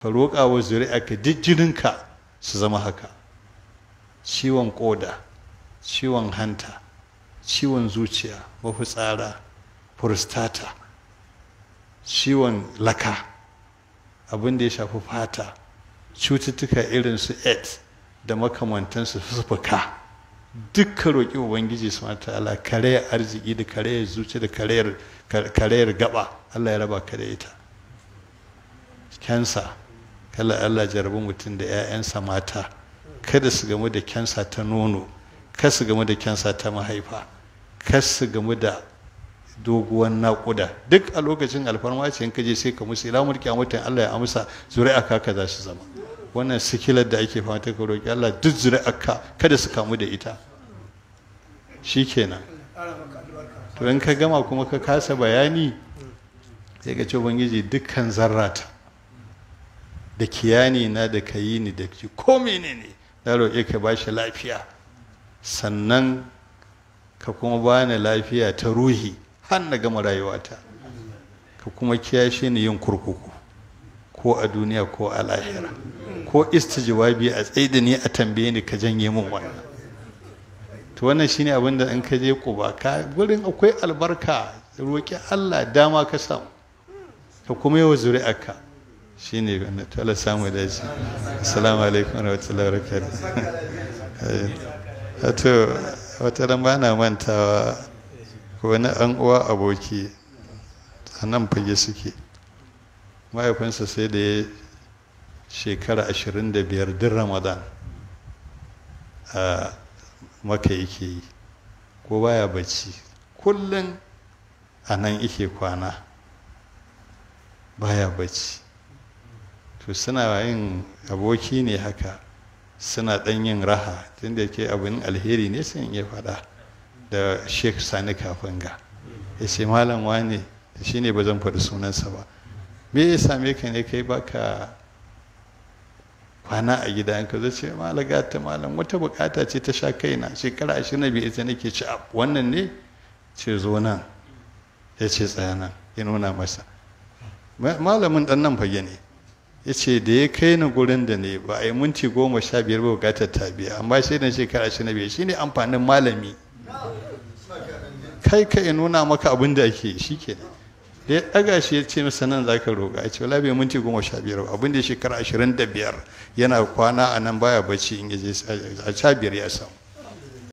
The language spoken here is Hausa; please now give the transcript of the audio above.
ka roƙa wa zuri'arka duk jininka su zama haka ciwon ƙoda ciwon hanta ciwon zuciya mafitsara prostata ciwon laka abin da ya shafi fata cututtuka irin su aids da makamantansu fuka duk ka roƙi ubangiji su mata ala karayar arziki da karayar zuci da karayar gaba allah ya raba ka da ita kansa kala Allah jarabi mutum da 'ya'yansa mata kada su gamu da kyansa ta nono kada su gamu da kyansa ta mahaifa kada su gamu da doguwan naƙuda duk a lokacin alfarma ce in kaje sai ka musu ila mulki mutum Allah ya amsa zuri'a ka za su zama wannan sikilar da ake fama ka roƙi Allah duk zuri'a ka kada su kamu da ita shikenan to in ka gama kuma ka kasa bayani sai ka ce ubangiji dukkan zarrata da kiyani na da kayi ni da ki ko menene na roƙe eh, ka ba shi lafiya sannan ka kuma ba ni lafiya ta ruhi har na gama rayuwata ka kuma kiyashe ni yin kurkuku ko a duniya ko a lahira ko jawabi a da ni a tambaye ni ka janye min wannan to wannan shine abin da in ka je kuba ka gurin akwai albarka roƙi Allah dama ka samu ka kuma yi wa zuri'arka shi ne gwamnati Allah samu da shi assalamu alaikum wa rahmatullahi wa barakatuh eh, to wata ran ba na mantawa ko wani an uwa aboki a nan fage suke mahaifinsa sai da ya shekara 25 din ramadan a maka yake yi ko baya bacci kullum a nan yake kwana baya bacci to suna yin aboki ne haka suna ɗan yin raha tunda ke abin alheri ne sun iya faɗa da sheikh sani kafin ga. ya ce malam wane shi ne ba zan faɗi sunansa ba me ya same ka ne kai baka kwana a gida in ka zo ce malaga malam wata bukata ce ta sha kaina shekara ashirin na biyu ita nake ci wannan ne ce zo nan ya ce tsaya nan ya nuna masa malamin ɗan nan fage ne ya ce da ya kai ni gurin da ne ba a yi minti goma sha biyar ba bukatar ta biya amma sai na shekara shi na shi shine amfanin malami kai ka ya nuna maka abin da ake shi ke da ya ɗaga shi ya ce masa nan za ka roga ya ce wala bai minti goma sha biyar ba abin da shekara ashirin da biyar yana kwana a nan baya bacci in ya je a sha biyar ya samu